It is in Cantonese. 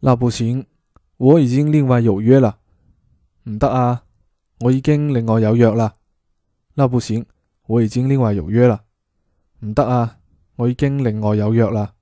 那不行，我已經另外有約啦，唔得啊，我已經另外有約啦。那不行，我已經另外有約啦，唔得啊，我已經另外有約啦。